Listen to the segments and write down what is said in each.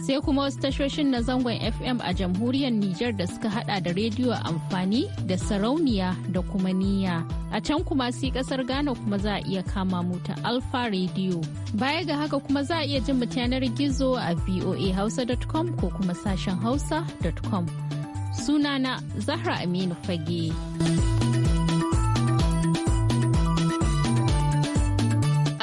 sai kuma wasu tashoshin na zangon fm a jamhuriyar Nijar da suka hada da rediyo amfani da sarauniya da kuma niyya a can kuma sai kasar ghana kuma za a iya kama mu ta alfa rediyo baya ga haka kuma za a iya jin yanar gizo a voahausa.com ko kuma sashen hausa.com sunana zahra aminu fage.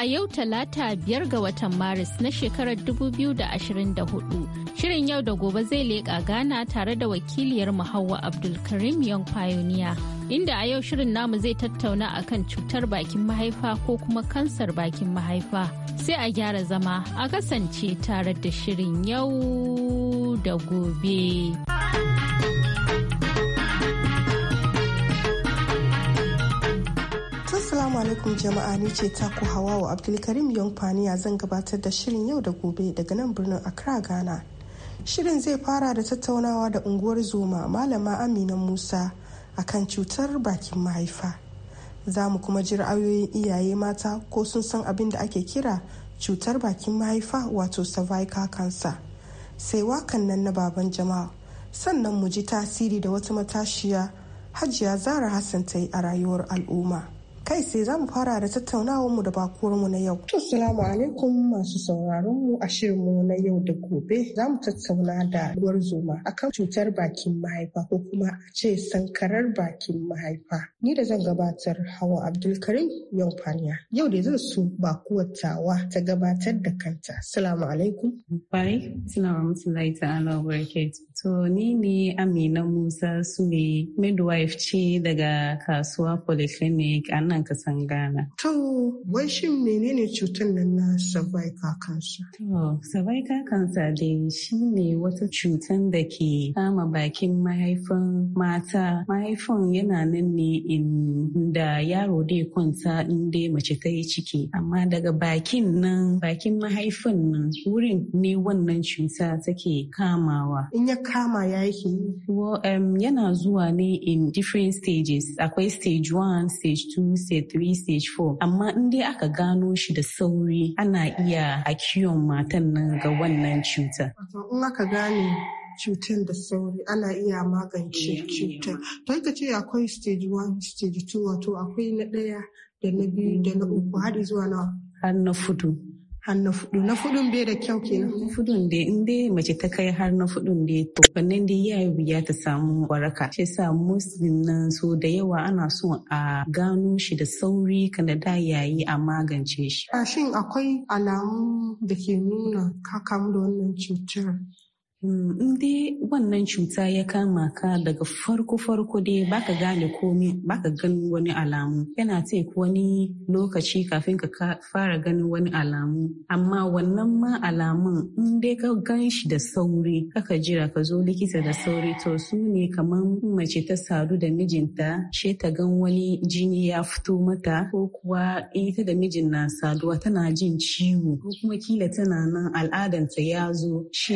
yau talata biyar ga watan Maris na shekarar 2024. Shirin yau da gobe zai leƙa Ghana tare da wakiliyar Hauwa Abdulkarim Young Pioneer. Inda a yau shirin namu zai tattauna akan cutar bakin mahaifa ko kuma kansar bakin mahaifa. Sai a gyara zama a kasance tare da shirin yau da gobe. Assalamu alaikum jama'a ni ce taku wa Abdulkarim Yonfaniya zan gabatar da shirin yau da gobe daga nan birnin Accra Ghana. Shirin zai fara da tattaunawa da unguwar zoma Malama Amina Musa akan cutar bakin mahaifa. Za mu kuma ji ra'ayoyin iyaye mata ko sun san abin da ake kira cutar bakin mahaifa wato cervical cancer. Sai wakan nan na baban jama'a sannan mu ji tasiri da wata matashiya Hajiya Zara Hassan ta yi a rayuwar al'umma. kai sai za mu fara da tattaunawar mu da bakuwarmu na yau. Assalamu alaikum masu sauraron mu a mu na yau da gobe za mu tattauna da ruwar zoma akan cutar bakin mahaifa ko kuma a ce sankarar bakin mahaifa. Ni da zan gabatar hawa Abdulkarim yau fanya. Yau da zan so bakuwar ta gabatar da kanta. Assalamu alaikum. Bai, musu alaikum ta'ala wa To ni ne Amina Musa Sule, midwife ce daga kasuwa polyclinic a wannan kasan Ghana. To, wai shin menene cutar nan na cervical cancer? To, cervical cancer dai shi ne wata cutar da ke kama bakin mahaifin mata. Mahaifin yana nan ne inda yaro dai kwanta in dai mace ta yi ciki. Amma daga bakin nan, bakin mahaifin nan wurin ne wannan cuta take kamawa. In ya kama ya yake? Well, um, yana zuwa ne in different stages. Akwai stage 1, stage 2, set 3 stage 4 amma in dai aka gano shi da sauri ana iya a kiyon matan nan ga wannan cuta. In aka gane cutar da sauri ana iya magance cutar. to ka ce akwai stage 1, stage 2 wato akwai na ɗaya da na biyu da na uku har zuwa na har na fudu. har na fudu na fudu bai da kyau kenan na fudun dai in dai mace ta kai har na fudu dai to wannan dai ya wuya ta samu waraka shi yasa muslim nan so da yawa ana so a gano shi da sauri kana da yayi a magance shi shin akwai alamu da ke nuna ka kamu da wannan cutar Mm, in dai wannan cuta ya kama ka daga farko-farko dai baka gane komi baka ganin wani alamu yana take wani lokaci kafin ka fara ganin wani alamu amma wannan ma alamun in dai ka gan shi da sauri kaka jira ka zo likita da sauri to su ne kamar mace ta sadu da mijinta she ta gan wani jini ya fito mata ko kuwa ita da mijin na saduwa tana jin ciwo ko kuma kila tana nan al'adanta ya zo shi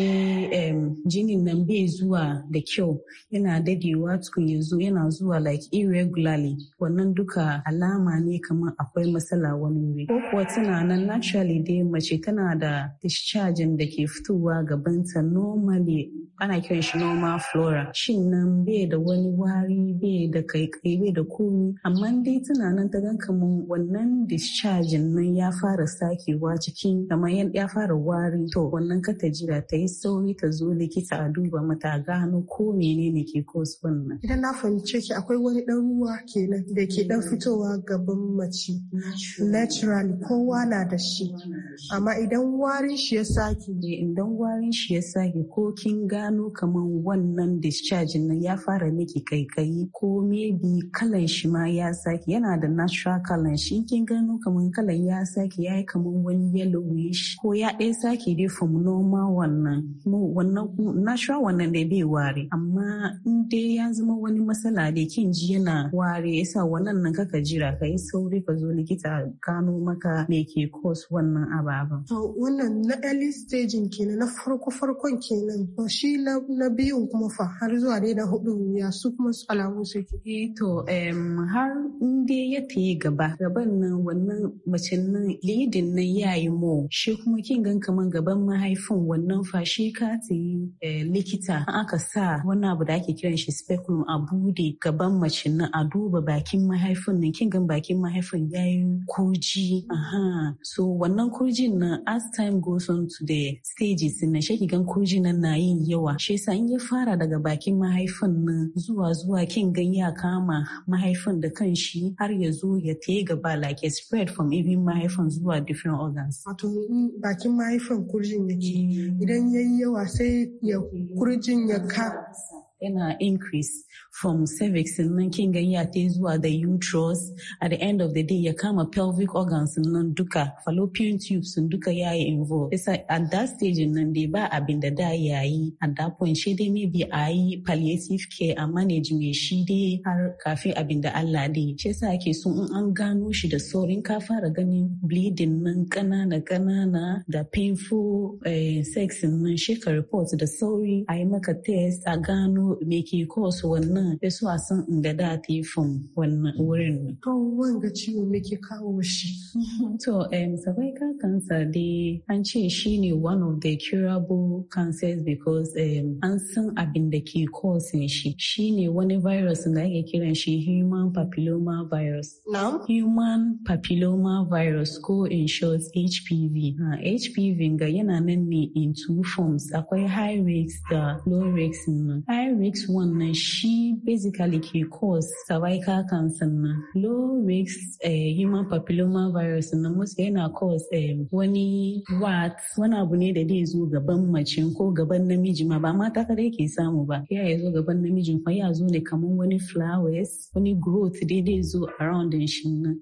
eh, Um, jinin nan bai zuwa da kyau yana dadewa tukun ya yana zuwa like irregularly wannan duka alama ne kamar akwai matsala wani wuri ko kuwa tana nan naturally dai mace tana da discharge da ke fitowa gabanta normally ana kiran shi normal flora shin nan bai da wani wari bai da kaikai bai da komi amma dai tana nan ta gan kamar wannan discharge nan ya fara sakewa cikin kamar ya fara wari to wannan kata jira ta yi sauri ta zo zo likita a duba mata gano ko menene ke kosu wannan. Idan na fahimce ki akwai wani ɗan ruwa kenan da ke ɗan mm. fitowa gaban mace. Natural kowa na da shi. Amma idan warin shi ya sake. Eh, idan warin shi ya sake ko kin gano kaman wannan discharge nan ya fara miki kaikayi ko maybe kalan shi ma ya sake yana da natural kalan shi kin gano kaman kalan ya sake ya yi kaman wani yellowish ko ya ɗaya sake dai from normal wannan. na sha wannan dai bai ware amma in dai ya zama wani matsala da kin ji yana ware yasa wannan nan kaka jira ka yi sauri ka zo likita kano maka me ke cause wannan ababa. To wannan na early staging kenan na farko farkon kenan to shi na biyun kuma fa har zuwa dai da hudu ya su kuma su alamu ke Eh to har in dai ya tayi gaba gaban nan wannan mace nan lidin nan yayi mo shi kuma kin gan kaman gaban mahaifin wannan shi ka ta tambayi eh, likita aka sa wani abu da ake kiran shi speculum a bude gaban mace nan a duba bakin mahaifin nan kin gan bakin mahaifin yi kurji aha so wannan kurjin nan as time goes on to the stages na shi gan kurjin nan na yin yawa shi yasa in ya fara daga bakin mahaifin nan zuwa zuwa kin gan ya kama mahaifin da kanshi har ya zo ya ta gaba like a spread from even mahaifin zuwa different organs wato mm, bakin mahaifin kurjin yake mm. idan yi yawa sai kurin increase from cervix nan kin gan ya zuwa da uterus at the end of the day ya kama pelvic organs nan duka fallopian tubes duka ya yi involved isa at that stage nan dai ba abin da da ya yi at that point shi dai maybe a palliative care a manage me shi dai har kafin abin da Allah dai she sa ake so in an gano shi da saurin ka fara ganin bleeding nan kanana kanana da painful eh, sex nan she ka report da sauri ayi maka test a gano me ke cause wannan na fi so a san in ga da tifin wannan wurin. To wanga ciwo me ke kawo shi? To um, cervical cancer dai an ce shi ne one of the curable cancers because um, an san abin da ke causing shi. Shi ne wani virus da ake kiran shi human papilloma virus. No? Human papilloma virus ko in short HPV. Uh, HPV ga yana nan ne in two forms. Akwai high risk da low risk. High risk one na shi basically ke cause cervical cancer na low risk eh, human papilloma virus na musu yana cause eh, wani wat wani abu ne da zai zo gaban mace ko gaban namiji ma ba mata kadai ke samu ba ya yi zo gaban namijin kuma ya zo ne kamar wani flowers wani growth dai zai zo around din shi nan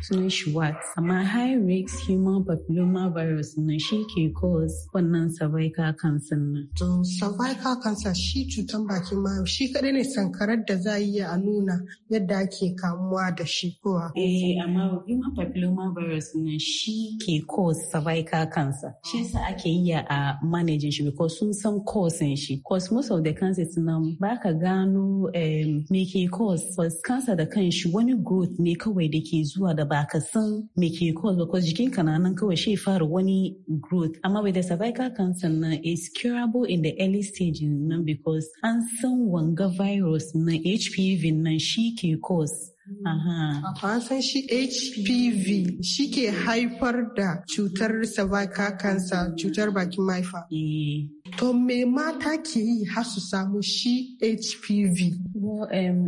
sunan shi wax amma high risk human papilloma virus na shi ke cause wannan cervical cancer na. to cervical cancer shi cutan bakin ma shi kadai ne sankarar da za a iya a nuna yadda ake kamuwa da shi kowa. eh amma human papilloma virus na shi ke cause cervical cancer shi yasa ake yi a manage shi because sun san cause shi cause most of the cancers na ba ka gano eh, me ke cause cause cancer da kanshi wani growth ne kawai da ke ke zuwa da ba ka san me ke cause ba jikin ka nan kawai shi fara wani growth amma with the cervical cancer na is curable in the early stage nan because an san wanga virus na HPV nan shi ke cause san shi HPV shi ke haifar da cutar cervical cancer cutar bakin mahaifa. Eh. To me mata ke yi har samu shi HPV?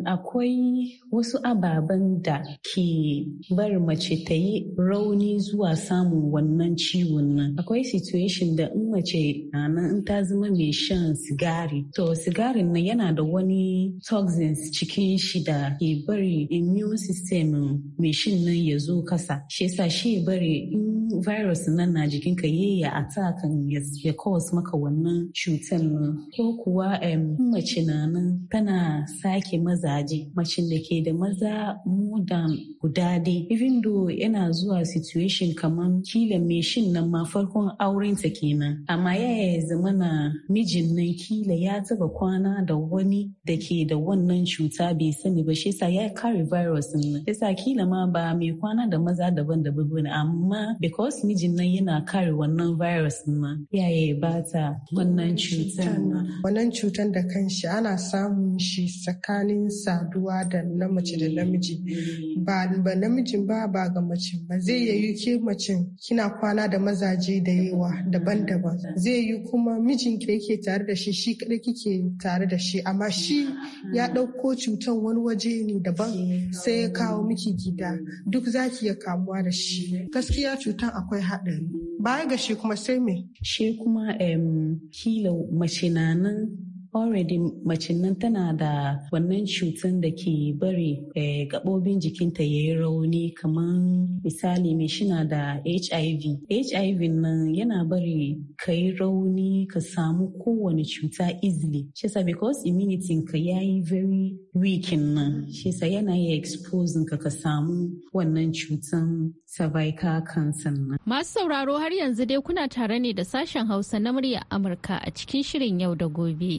Akwai wasu ababen da ke bar mace ta yi rauni zuwa samun wannan ciwon nan. Akwai situation da in mace nan in ta zama mai shan sigari. To sigarin nan yana da wani toxins cikin shi da ke bari in immune system mai shin nan ya zo kasa shi yasa shi bari in virus nan na jikinka ka ya atakan ya cause maka wannan cutar nan ko kuwa mace na nan tana sake mazaje mace da ke da maza muda guda dai even though yana zuwa situation kamar kila mai shin nan ma farkon auren aurenta kenan amma ya zama na mijin nan kila ya taba kwana da wani da ke da wannan cuta bai sani ba shi ya kare virus nan yasa kila ma ba mai kwana da maza daban-daban amma because mijin nan yana kare wannan virus nan yaye ba ta wannan cutar wannan cutar da kanshi ana samun shi tsakanin saduwa da namiji da namiji ba ba namijin ba ba ga mace ba zai yi ke macin kina kwana da mazaje da yawa daban-daban zai yi kuma mijin ki yake tare da shi shi kadai kike tare da shi amma shi ya ɗauko cutar wani waje ne daban sai ya kawo miki gida duk zaki ya kamuwa da shi gaskiya cutar can akwai haɗari. Baya ga shi kuma sai me? Shi kuma kila mace na nan already mace nan tana da wannan cutan da ke bari eh, gabobin jikinta ya yi rauni kamar misali mai shina da hiv hiv nan yana bari ka yi rauni ka samu kowane cuta easily shisa because immunity ka ya yi very weak nan shisa yana ya exposing ka ka samu wannan cutan cervical cancer nan masu sauraro har yanzu dai kuna tare ne da sashen hausa na murya amurka a cikin shirin yau da gobe.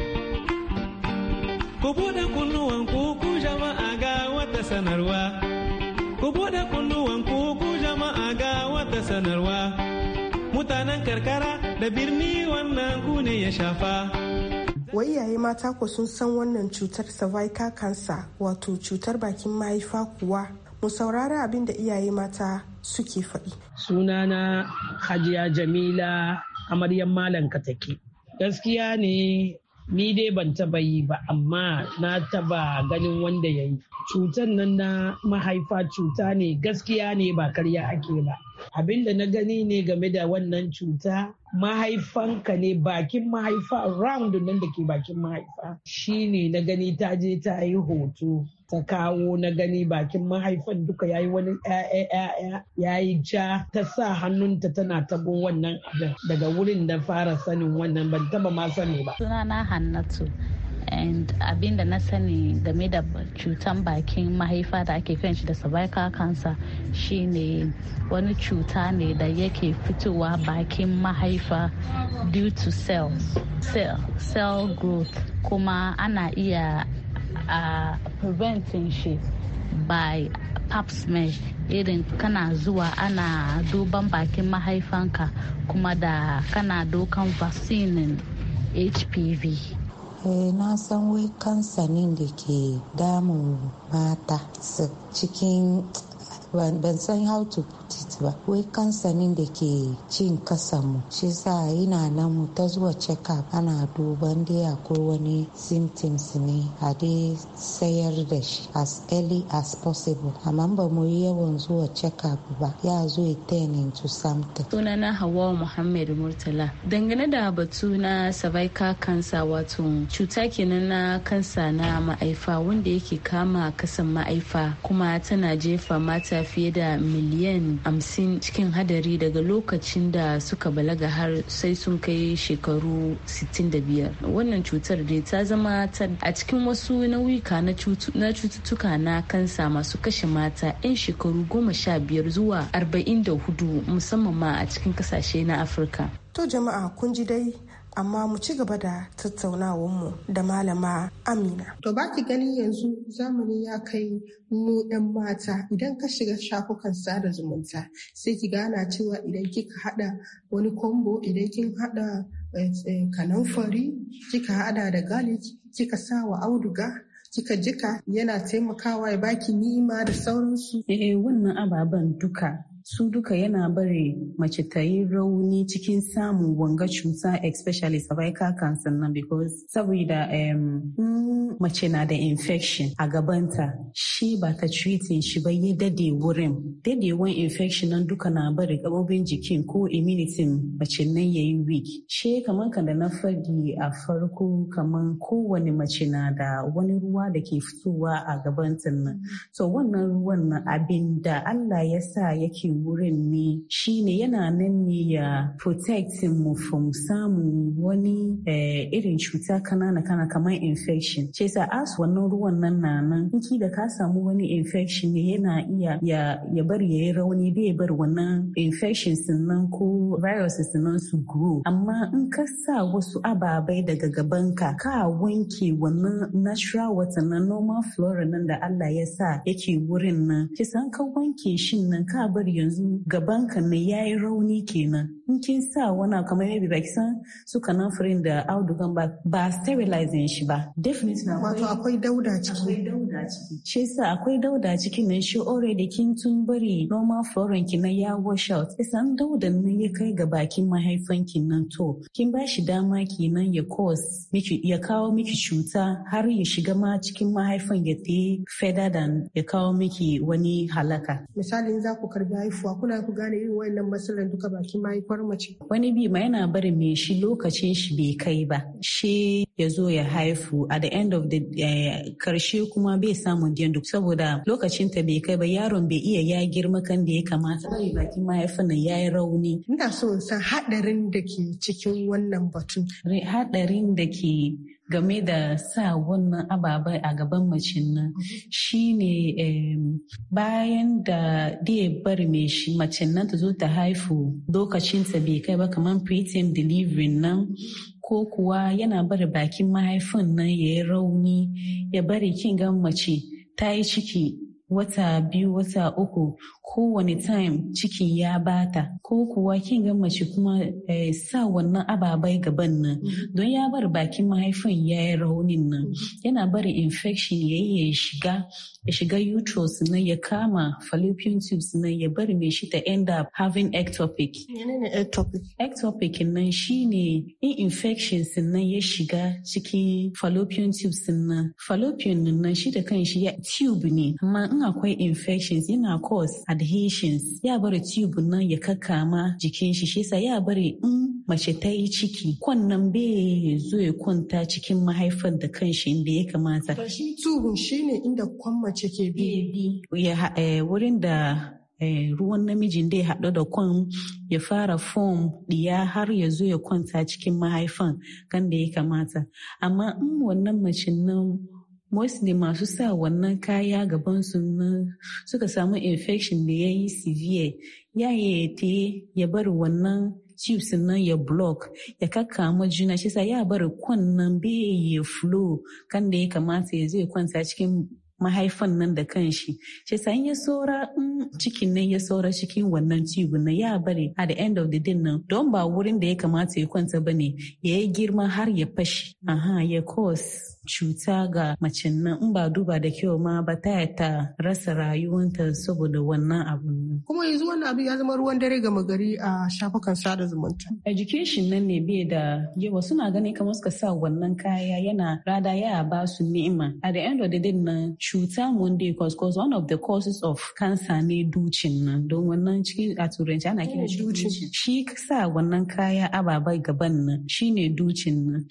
Ku buɗe kunnuwan ku ku jama'a ga wata sanarwa. Ku buɗe kunnuwan ku jama'a ga wata sanarwa. Mutanen karkara da birni wannan ku ne ya shafa. iyaye mata ko sun san wannan cutar cervical cancer wato cutar bakin mahaifa kuwa mu saurari abin da iyaye mata suke faɗi. Sunana Hajiya Jamila amaryan malam Katake, Gaskiya ne ni dai ban taba yi ba amma na taba ganin wanda ya yi cutan nan na mahaifa cuta ne gaskiya ne ba karya ake ba abinda na gani ne game da wannan cuta mahaifanka ne bakin mahaifa round nan da ke bakin mahaifa shine na gani ta je ta yi hoto ta kawo na gani bakin mahaifan duka yayi wani ya yi ja ta sa hannunta tana tabo wannan abin daga wurin da fara sanin wannan ban taba ma sani ba sunana hannatu and abin da na sani game da cutan bakin mahaifa da ake kiran shi da cervical cancer shine wani cuta ne da yake fitowa bakin mahaifa due to cells cell, cell growth kuma ana iya a preventing shi by pap smear irin kana zuwa ana duban bakin mahaifanka kuma da kana dokan vaccine hpv eh na san wai kansanin da ke damun mata cikin ban san how to put it ba wai kansanin da ke cin kasanmu shi sa yana na mu ta zuwa check up ana duban dai ko wani symptoms ne a dai sayar da shi as early as possible amma ba mu yi yawan zuwa check up ba ya zo ya turn into something sunana hawa muhammad murtala dangane da batu na cervical kansa wato cuta kenan na kansa na ma'aifa wanda yake kama kasan ma'aifa kuma tana jefa mata fiye da miliyan 50 cikin hadari daga lokacin da suka balaga har sai sun kai shekaru 65 wannan cutar dai ta zama a cikin wasu nauyuka na cututtuka na kansa masu kashe mata 'yan shekaru 15 zuwa 44 musamman ma a cikin kasashe na afirka to jama'a kun ji dai amma mu ci gaba da tattaunawarmu da malama amina. To ba ki gani yanzu zamani ya kai mu 'yan mata idan ka shiga shafukan sada zumunta sai ki gana cewa idan kika hada wani kombo idan kin hada eh, eh, kanamfari kika hada da garlic kika sa wa auduga kika jika yana taimakawa ya baki nima da sauransu. Eh wannan ababen duka su duka yana bari mace ta yi rauni cikin samun wanga cuta especially cervical cancer na because saboda um, mace na da infection a gabanta shi ba ta treatin shi ba ya dade wurin dadewan infection nan duka na bari gabobin jikin ko immunity mace nan ya yi weak shi kamar ka da na fadi a farko kamar kowane mace na da wani ruwa da ke fitowa a gabanta nan so wannan ruwan nan abin da Allah ya sa yake wurin ne ne yana nan ne ya protecting mu from samun wani eh, irin cuta kanana kana kamar infection ce sa as wannan ruwan nan na nan ki da ka samu wani infection ne yana iya ya bari ya yi rauni bai bar wannan infection nan ko viruses nan su grow amma in ka sa wasu ababai daga gaban ka ka wanke wannan natural water na normal flora nan da Allah ya sa yake wurin nan kisan ka wanke shin nan ka bari yanzu gabanka mai yayi rauni kenan in kin sa wani kamar maybe ba san su kananfirin da audugan ba ba sterilizing shi ba definitely wato akwai dauda ciki akwai dauda ciki shi sa akwai dauda cikin nan shi already kin tun bari normal flooring ki na ya wash out isan Dauda nan ya kai ga bakin mahaifan kin nan to kin ba shi dama ki nan ya cause miki ya kawo miki cuta har ya shiga ma cikin mahaifan ya fi feather dan ya kawo miki wani halaka misalin za ku karbi haifuwa kuna ku gane irin wayannan matsalan duka bakin mahaifan mace. Wani bi ma yana barin mai shi lokacin shi bai kai ba. Shi ya zo ya haifu a the end of the eh, karshe kuma bai samun jiyan duk saboda lokacin ta bai kai ba yaron bai iya ya girma kan da ya kamata. Bari bakin ya nan ya yi rauni. Ina so in san haɗarin da ke cikin wannan batun. Haɗarin da ke game da sa wannan ababen a gaban macin nan mm-hmm. shine bayan da da bar mai shi macin nan ta zo ta haifu lokacin ta bai kai ba kamar preterm delivery nan ko kuwa yana bari bakin mahaifin nan ya yi rauni ya bari kin gan mace ta yi ciki wata biyu wata uku kowane time ciki ya bata ko kuwa kin ga mace kuma eh, sa wannan ababai gaban nan mm -hmm. don ya bar bakin mahaifin ya yi raunin nan yana bari infection ya yi ya shiga ya shiga uterus na ya kama fallopian tubes na ya bari mai shi ta end up having ectopic menene ectopic ectopic nan shine in infection nan ya shiga cikin fallopian tubes nan fallopian nan shi da kanshi ya tube ne amma in akwai infections yana cause adhesions ya bari tube nan ya kakkama jikin shi shi ya bari in mace ta yi ciki kwannan bai zo ya kwanta cikin mahaifar da kanshi inda ya kamata. Shi ne inda kwan mace ke bi. Eh, wurin da eh, ruwan namijin dai haɗu da kwan ya fara fom ɗiya har ya zo ya kwanta cikin mahaifan kan da ya kamata amma in wannan mace nan mostly masu sa wannan kaya gaban su suka samu infection da ya yi severe ya yi ya bar wannan chips nan ya block ya kakkama juna shi sa ya bar kwannan bai ya flow kan da ya kamata ya zai kwanta cikin mahaifan nan da kanshi shi sa ya saura in cikin nan ya saura cikin wannan tube na ya bari at the end of the day nan don ba wurin da ya kamata ya kwanta bane ya yi girma har ya fashi aha ya cause cuta ga macen nan in ba duba da kyau ma ba ta ta rasa rayuwanta saboda wannan abun. Kuma yanzu wannan abin ya zama ruwan dare gama gari a shafukan sada zumunta. Education nan ne bai da yawa suna ganin kamar suka sa wannan kaya yana rada ya ba su ni'ima. At the end of the day nan cuta mun dai cause cause one of the causes of cancer ne ducin nan don wannan ciki a turanci ana kira shi ducin. Shi sa wannan kaya ababai gaban nan shine ducin nan.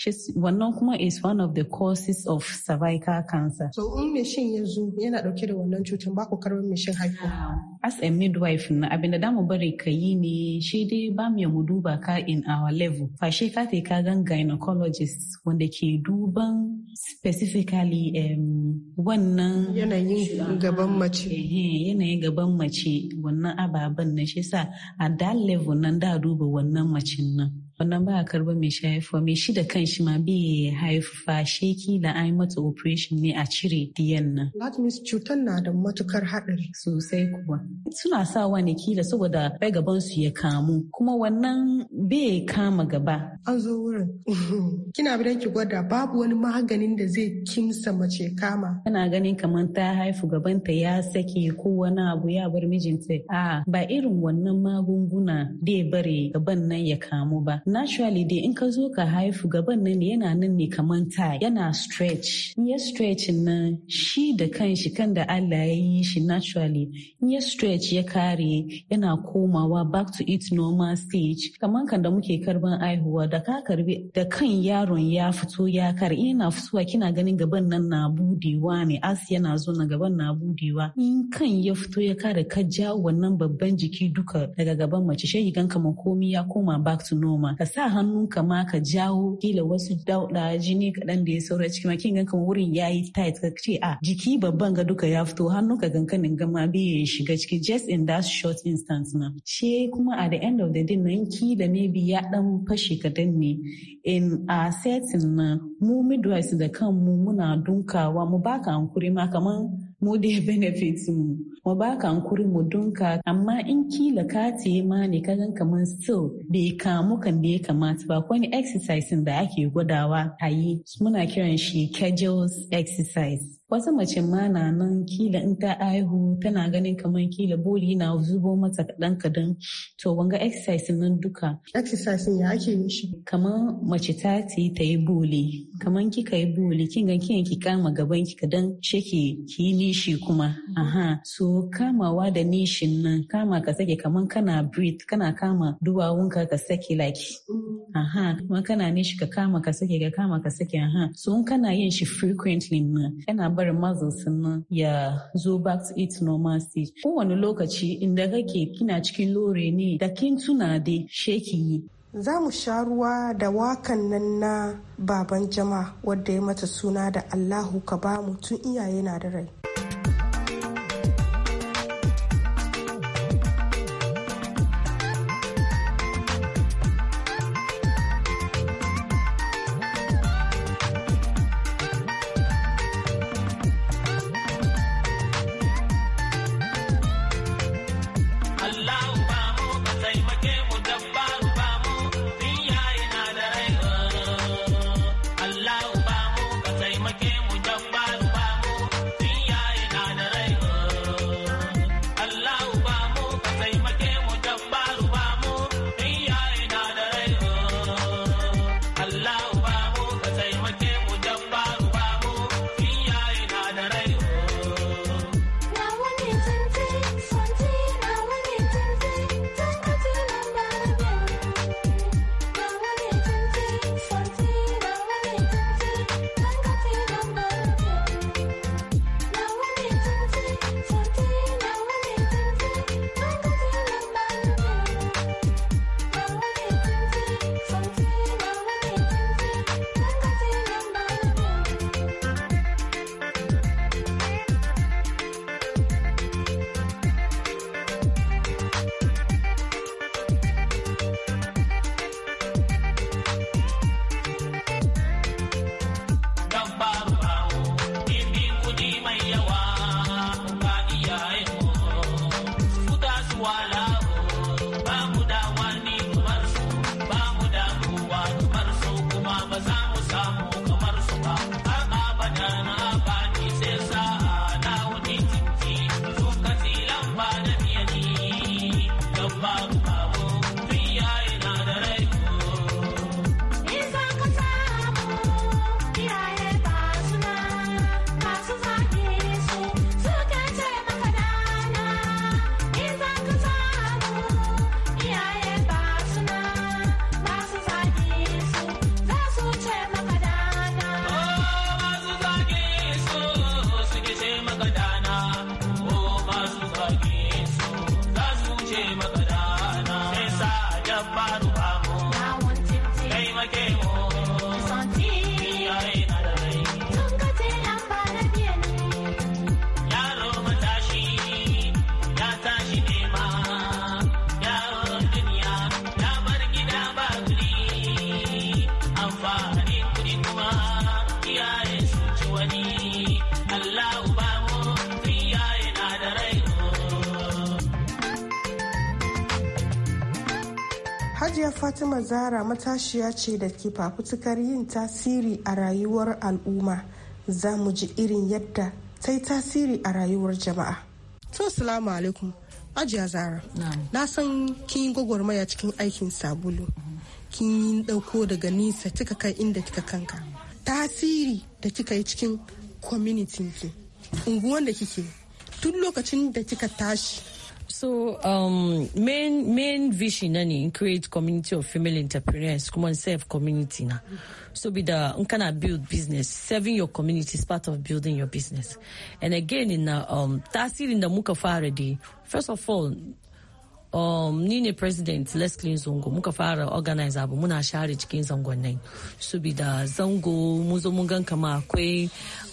Wannan kuma is one of the causes diagnosis of cervical cancer. So in mishin ya yana dauke da wannan cutar ba ku karɓar mishin haihuwa. Ah, as a midwife na abin da damu bari ka yi ne shi dai ba mu mu duba ka in our level. Fashe ka ta ka gan gynecologist wanda ke duban specifically um, wannan yanayin gaban mace. Yanayin gaban mace wannan ababen na shi sa a that level nan da duba wannan mace nan. wannan ba a karba mai haifuwa mai shi da kanshi ma bai haifa sheki da an mata operation ne a cire diyan nan. That means cutar na da matukar haɗari. Sosai kuwa. Suna sa wani kila saboda bai gaban su ya kamu kuma wannan bai kama gaba. An zo wurin. Kina bidan ki gwada babu wani maganin da zai kimsa mace kama. Kana ganin kamar ta haifu gabanta ya sake ko wani abu ya bar mijinta. A'a, ba irin wannan magunguna bai bari gaban nan ya kamu ba. naturally dai in ka zo ka haifu gaban nan yana nan ne kamar ta, yana stretch in ya stretch nan shi da kan shi kan da Allah ya yi shi naturally in ya stretch ya kare yana komawa back to its normal stage kamar kan da muke karban aihuwa da ka karbi da kan yaron ya fito ya kare in yana fitowa kina ganin gaban nan na budewa ne as yana zo na gaban na budewa in kan ya fito ya kare ka ja wannan babban jiki duka daga gaban mace shi gan kamar komi ya koma back to normal ka sa hannunka ma ka jawo kila wasu dauɗa jini kaɗan da ya saura ciki ma kin ganka wurin yayi tight ka ce a ah, jiki babban ga duka ya fito hannunka ma gama ya shiga ciki just in that short instance na ce kuma at the end of the day nan ki da maybe ya dan fashe kaɗan ne in a setting na mu midwives da kanmu muna dunkawa mu baka hankuri ma kaman mu dai benefits mu mu baka hankuri mu dunka amma in kila ka tiye ma ne ka ganka kamar still bai kamu kan da ya kamata ba ko ni exercise da ake gwadawa a yi muna kiran shi Kegels exercise wasu mace ma na nan kila in ta aihu tana ganin kamar kila boli na zubo mata kadan-kadan, to wanga exercise nan duka exercise ya ake yi shi kamar mace ta ce ta yi boli kamar kika yi boli kin ga kin ki kama gaban ki kadan shake ki yi nishi kuma aha so kamawa da nishin nan kama ka sake kamar kana breathe kana kama duwawun ka ka sake like aha kuma kana nishi ka kama ka sake ka kama ka sake aha so in kana yin shi frequently nan kana barin mazan sannan ya zo back to its normal stage kowane lokaci inda kake kina cikin lore ne da kin tuna dai sheki yi za mu sha ruwa da wakan nan na baban jama wadda ya mata suna da allahu ka ba tun iyaye na da rai Hajiya Fatima Zara matashiya ce da ke fafutukar yin tasiri a rayuwar al'umma. Za mu ji irin yadda ta yi tasiri a rayuwar jama'a. To, salamu alaikum. Ajiya Zara, na san kin yi gwagwarmaya cikin aikin sabulu. Kin yi ɗauko daga nisa kika kai inda kika kanka. Tasiri da kika yi cikin kwaminitinki, unguwan da kike, tun lokacin da kika tashi So, um, main main vision nani create community of female entrepreneurs, come and serve community na. So be the kind build business, serving your community is part of building your business. And again, in the, um, that's in the muka already. First of all, um, ni ne president leslie zongo muka fara organize abu muna share cikin zangonnai da zango mu zo mun gan kama akwai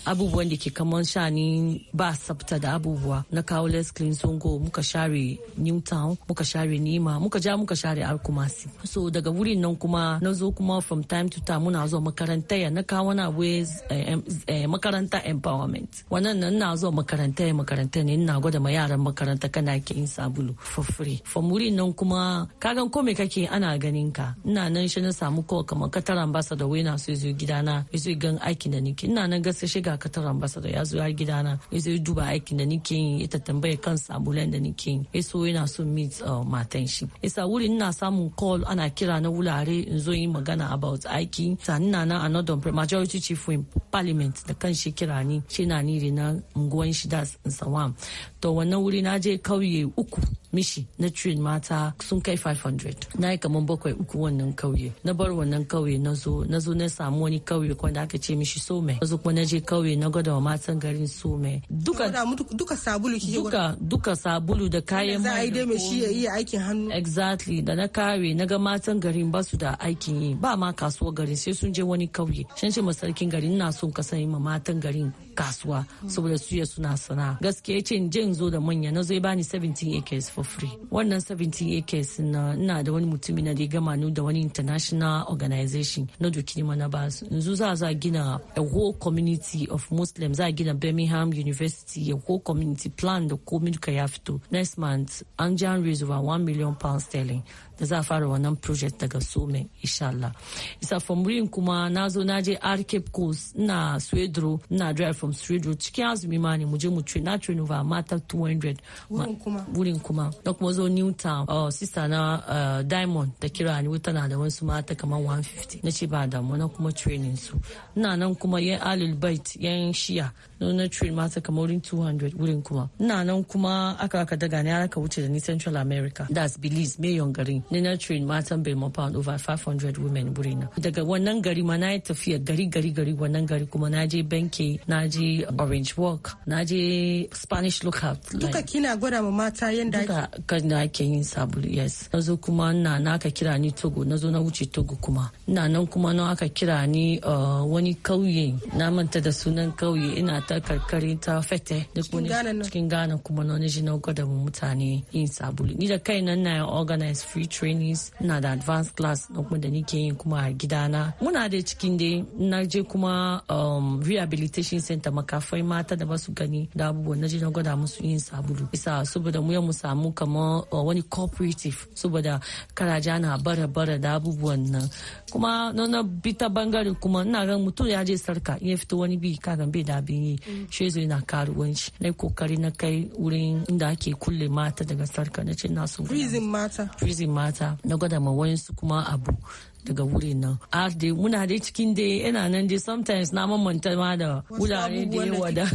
abubuwan da ke kamar shani ba sabta da abubuwa na kawo leslie zongo muka share newtown muka share nima muka ja muka share alkumasi so daga wurin nan kuma na zo kuma from time to time muna zo makaranta ya na kawo na ways eh, eh, makaranta empowerment wannan nan na zo makaranta makaranta ne ina gwada ma yaran makaranta kana kin sabulu for free famuri nan kuma kagan kome kake ana ganin ka ina nan shi na samu ko kamar katar ambassador wai na so zo gidana ya zo gan aikin da nake ina nan gaskiya shiga katar ambasada ya zo har gidana ya zo duba aikin da nake yi ita tambaye kan sabulan da nake yi ya so yana so meet uh, matan shi sa wurin ina samun call ana kira na wulare in zo yi magana about aiki sanin na nan northern majority chief in parliament da kan shi kira ni shi na ni na unguwan shi da sawam to wannan wuri na je kauye uku mishi na constituent mata sun kai 500 na yi kamar bakwai uku wannan kauye na bar wannan kauye na zo na zo na samu wani kauye wanda aka ce mishi some na zo kuma na je kauye na gwada wa matan garin some duka duka sabulu kike duka duka sabulu da kayan mai za a yi dai shi ya iya aikin hannu exactly da na kare na ga matan garin ba su da aikin yi ba ma kasuwar garin sai sun je wani kauye shan ce masarkin garin na son ka sani ma matan garin kasuwa saboda su suna sana gaskiya ce je in zo da manya na zo bani 17 acres for free wannan 17 acres na ina da wani mutumi na da gama gama da wani international organization na doki ma na ba su yanzu za za gina a whole community of muslims za gina birmingham university a whole community plan da komi duka ya fito next month an jan raise over 1 million pounds sterling da za a fara wannan project daga Sume insha Allah. Isa from Rin kuma na zo na je R Cape Coast na Swedro na drive from Swedro cikin azumi ma ne mu je mu train na train over mata 200 wurin kuma na kuma zo town. uh, sister na uh, Diamond da kira ni wuta na da wasu mata kamar 150 na ce ba mu na kuma training su na nan kuma yan alil Bait yan Shia na na train mata kamar wurin 200 wurin kuma na nan kuma aka aka daga ne aka wuce da ni Central America that's Belize Mayon garin ni na train matan bai mafa over 500 women na. daga wannan gari ma na yi tafiya gari gari gari wannan gari kuma na je benke na je orange walk na je spanish lookout duka kina gwada ma mata yadda duka kan da ake yin sabulu yes na zo kuma na na aka kira ni togo na zo na wuce togo kuma na nan kuma na aka kira ni uh, wani kauye na manta da sunan kauye ina ta karkare ta fete cikin gana kuma na wani ji na gwada mutane yin sabulu ni da kai nan na organize free trainees ina da advanced class na kuma da nike yin kuma a gidana muna da cikin dai na je kuma um, rehabilitation center makafai mata da basu gani da abubuwan na je na gwada musu yin sabulu isa saboda mu mu samu kamar uh, wani cooperative saboda karaja na bara bara da abubuwan nan kuma na bita bangare kuma ina ran mutum ya je sarka ya fito wani bi kan bai da abin yi shi yana karuwanci na kokari na kai wurin inda ake kulle mata daga sarka na ce na sun mata fata na gwada ma wayansu kuma abu daga wurin nan a dai muna dai cikin dai yana nan dai sometimes na mamanta ma da wurare da yawa da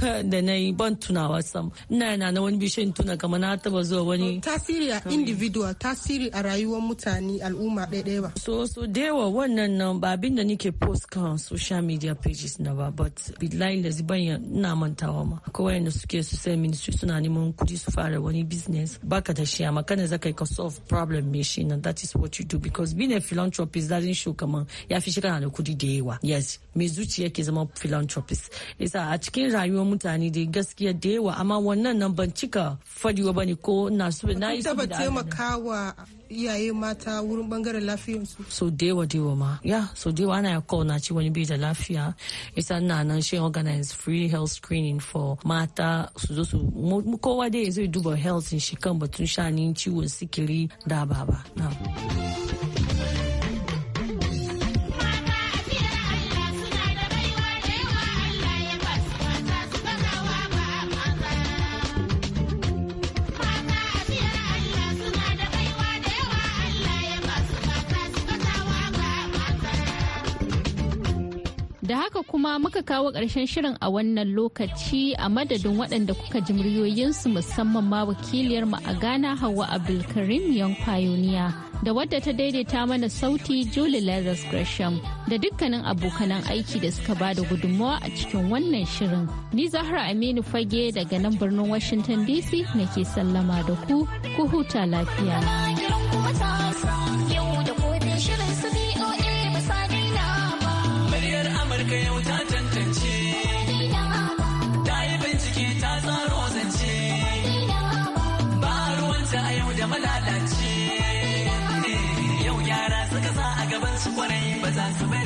na yi ban tunawa sam ina yana na wani tuna kamar na taba zuwa wani tasiri a individual tasiri a rayuwar mutane al'umma ɗaya ba so so da yawa wannan nan ba abin da nake post kan social media pages na ba but billahi da ziban ina mantawa ma suke su sai ministry suna neman su fara wani business baka da shi zaka ka solve problem me shi nan that is what you do because being a philanthropist that buhari shugaban ya fi shekara da kudi da yawa yes mai zuciya ke zama philanthropist isa a cikin rayuwar mutane da gaskiya da yawa amma wannan nan ban cika fadiwa bane ko na su na yi su da taimakawa iyaye mata wurin bangaren lafiyarsu so dewa dewa ma ya so dewa ana call na ci wani bai da lafiya isa na nan shi organize free health screening for mata su zo su kowa dai zai duba health shi kan batun shanin ciwon sikiri da baba Da haka kuma muka kawo ƙarshen shirin a wannan lokaci a madadin waɗanda kuka ji muryoyinsu musamman ma mu a Ghana Hauwa Abdulkarim Young Pioneer da wadda ta daidaita mana sauti Julie Lazarus Gresham da dukkanin abokanan aiki da suka ba da gudunmawa a cikin wannan shirin. Ni Zahra Aminu Fage daga nan birnin Washington DC nake sallama da ku, ku huta lafiya. that's the